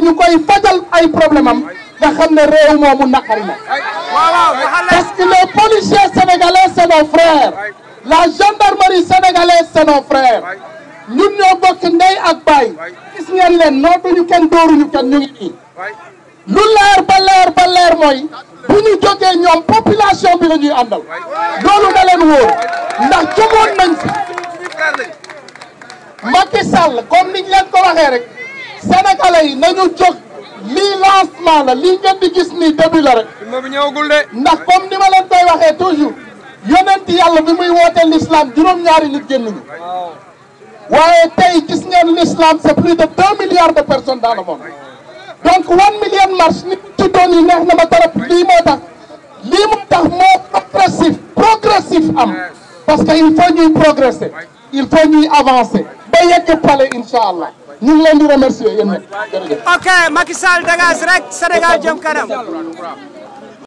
ñu koy fajal ay problème nga xam ne réew moomu naqari na parce que les policiers sénégalais c'est frères la gendarmerie sénégalaise c'est nos frères ñun ñoo bokk ndey ak baay gis ngeen leen nootuñu kenn dóoruñu kenn ñu ngi nii lu leer ba leer mooy bu ñu jógee ñoom population bi la àndal loolu na leen wóor ndax jógoon nañ fi Macky Sall comme niñ leen ko waxee rek sénégalais yi nañu jóg lii lancement la lii ngeen gis nii début la rek. ndax comme ni ma leen koy waxee toujours yonent yàlla bi muy wootee l'islam juróom-ñaari nit génn ñu. waaye tey gis ngeen l'islam c'est plus de deux milliards de personnes dans le donc million marche nit ci doon yi neex na ma trop lii moo tax lii moo tax moo progressif progressif am parce que il faut ñuy progresser il faut ñuy avancer. yegg palais incha allah ñu ngi leen di remercier yéen nag. ok Macky Sall dégage rek Sénégal jëm kanam.